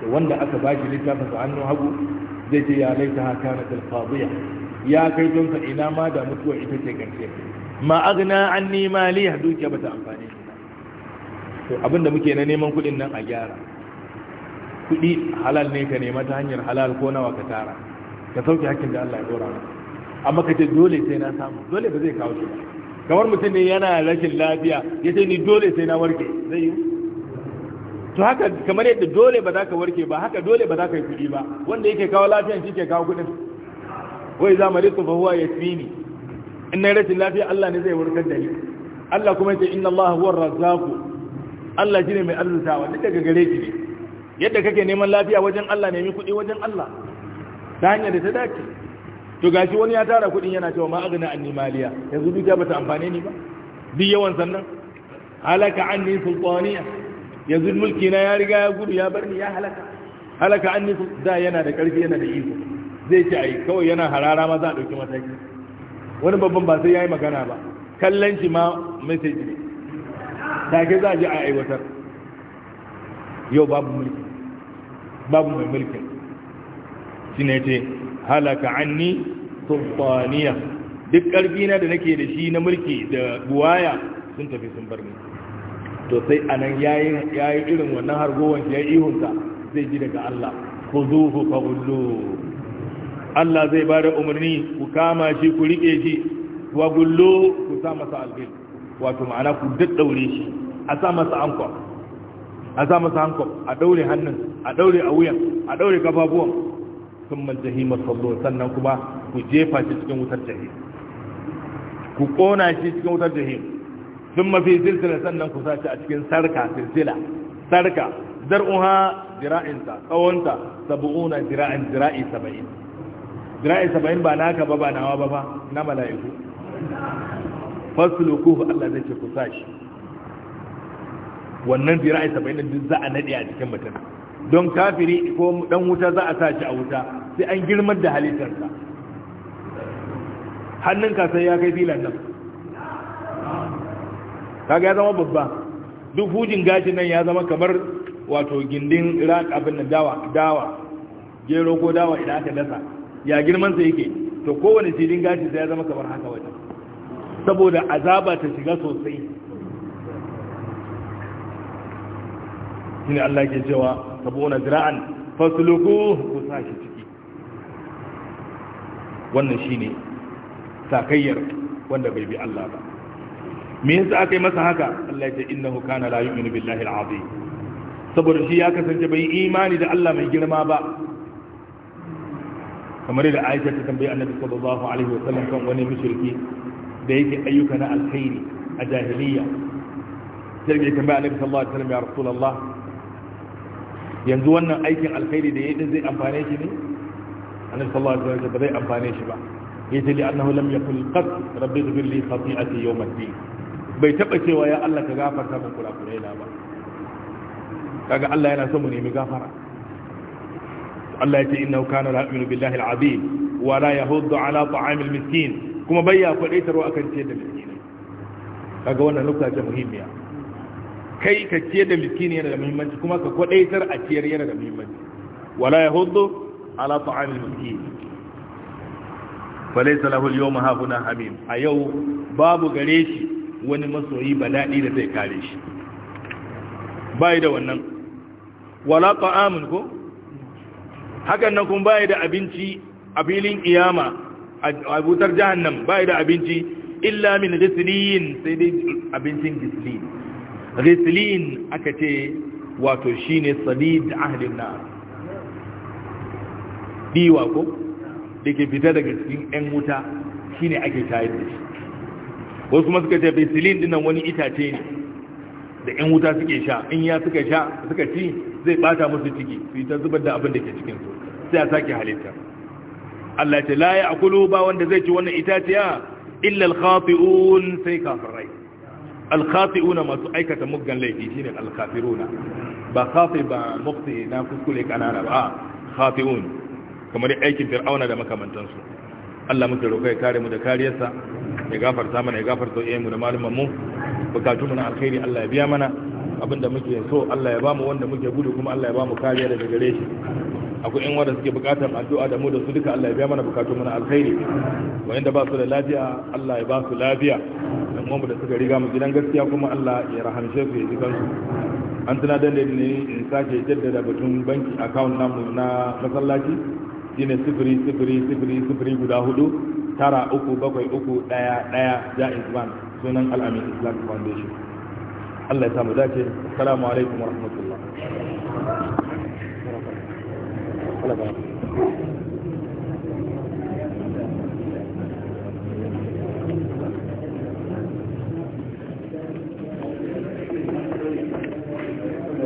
da wanda aka bashi littafin su hannun hagu zai ce ya laita haka na tilfaziya ya kai tonsa ina ma da mutuwa ita ce karshe ma agna mali maliya dukiya bata ta amfani to abinda muke na neman kudin nan a gyara kudi halal ne ka nema ta hanyar halal ko nawa ka tara ka sauke hakkin da Allah ya dora maka amma ka ce dole sai na samu dole ba zai kawo shi ba kamar mutum ne yana rashin lafiya ya ce ni dole sai na warke zai yi to haka kamar yadda dole ba za ka warke ba haka dole ba za ka yi kudi ba wanda yake kawo lafiyan shi ke kawo kudin wai rika su fa huwa yasmini in na yi rashin lafiya Allah ne zai warkar da ni Allah kuma yace inna Allah huwa razzaqu Allah shine mai arzutawa duk daga gare shi ne yadda kake neman lafiya wajen Allah nemi kuɗi wajen Allah ta hanyar da ta dace to gashi wani ya tara kuɗin yana cewa ma agna anni maliya yanzu dukiya bata amfane ni ba duk yawan sannan halaka anni sultaniya yanzu mulki na ya riga ya gudu ya bar ni ya halaka halaka anni da yana da karfi yana da iko zai ci ai kawai yana harara ma za a dauki mataki wani babban ba sai ya yi magana ba kallon shi ma message ne ke za a ji a aiwatar yau babu mulki babu mai mulki shi ne ce halaka anni sultaniya duk ƙarfi na da nake da shi na mulki da buwaya sun tafi sun bar ni to sai anan ya yi irin wannan hargowar ya yayi ihunta zai ji daga Allah khuduhu ka Allah zai ba da umarni ku kama shi ku rike shi wa gullo ku sa masa alghil wato ma'ana ku daddaure shi a sa masa anko a sa masa anko a daure hannun a daure a wuyan a daure kafafuwan thumma jahima sallu sannan kuma ku jefa shi cikin wutar jahim ku kona shi cikin wutar jahim sun mafi silsila sannan ku sa shi a cikin sarka silsila sarka zar'uha jira'inta tsawonta sabu'una jira'in jira'i saba'in zira'i saba'in ba naka ba ba nawa ba ba na mala'iku fasulu kuhu Allah zai ce ku sa shi wannan zira'i saba'in duk za a naɗe a cikin mutum don kafiri ko dan wuta za a sa shi a wuta sai an girmar da halittarsa ka sai ya kai filan nan kaga ya zama babba duk hujin gashin nan ya zama kamar wato gindin rak abin da dawa dawa gero ko dawa idan aka dasa ya girman sa yake to kowane filin gashi sai ya zama kamar haka wata saboda azaba ta shiga sosai shine Allah ke cewa sabona zira'an fasluku ku sashi ciki wannan shine sakayyar wanda bai bi Allah ba me yasa aka yi masa haka Allah ya ce innahu kana la yu'minu billahi al-azim saboda shi ya kasance bai imani da Allah mai girma ba kamar yadda aisha ta tambayi annabi sallallahu alaihi wa sallam kan wani mushriki da yake ayyuka na alkhairi a jahiliya sai ya tambayi annabi sallallahu alaihi wa sallam ya rasulullah yanzu wannan aikin alkhairi da yayin zai amfane shi ne annabi sallallahu alaihi wa sallam ba zai amfane shi ba yace li annahu lam yakul qad rabbi ighfir li khati'ati yawm ad-din bai taba cewa ya Allah ka gafarta min kurakurai na ba kaga Allah yana son mu nemi gafara Allah ya ce innahu kana la yu'minu billahi al-azim wa la yahuddu ala ta'amil miskin kuma bayya fadaitarwa kan ciyar da miskinai kaga wannan nukta ce muhimmiya kai ka ciyar da miskini yana da muhimmanci kuma ka kwadaitar a ciyar yana da muhimmanci wala yahuddu ala ta'amil miskin falaysa lahu al-yawma hahuna hamim a yau babu gare shi wani masoyi bala'i da zai kare shi bai da wannan wala ta'amun ko hakan nan kuma bai da abinci a filin iyama a butar jahannam bai da abinci illa min ghislin sai dai abincin ghislin ghislin aka ce wato shine sadid ahlin nar diwa ko dake fita daga cikin 'yan wuta shine ake tayar da shi wasu kuma suka ce ghislin dinan wani itace ne da 'yan wuta suke sha in ya suka sha suka ci zai bata musu ciki su yi ta zubar da abin da ke cikin su sai a sake halitta Allah ce la ya akulu ba wanda zai ci wannan itaciya illa al-khati'un sai kafirai al-khati'una masu aikata muggan laifi shine al-kafiruna ba khafi ba mufti na kuskure kanana ba khafiun kamar aikin fir'auna da makamantansu Allah muke roƙa ya kare mu da kariyarsa ya gafarta mana ya gafarta mu da malamanmu bukatu mu na alkhairi Allah ya biya mana abin da muke so Allah ya bamu wanda muke gudu kuma Allah ya bamu kariya daga gare shi akwai yan wanda suke bukatar addu'a da mu da su duka Allah ya biya mana bukatun mana alkhairi wanda ba su da lafiya Allah ya ba su lafiya dan mu da suka riga mu gidan gaskiya kuma Allah ya rahamshe su ya ji kansu an tana da ne in sake jaddada batun banki account namu na masallaci shine sifiri sifiri sifiri sifiri guda hudu tara uku bakwai uku daya daya jaiz bank sunan al'amin Islam foundation Allah ya samu dace assalamu alaikum wa rahmatullah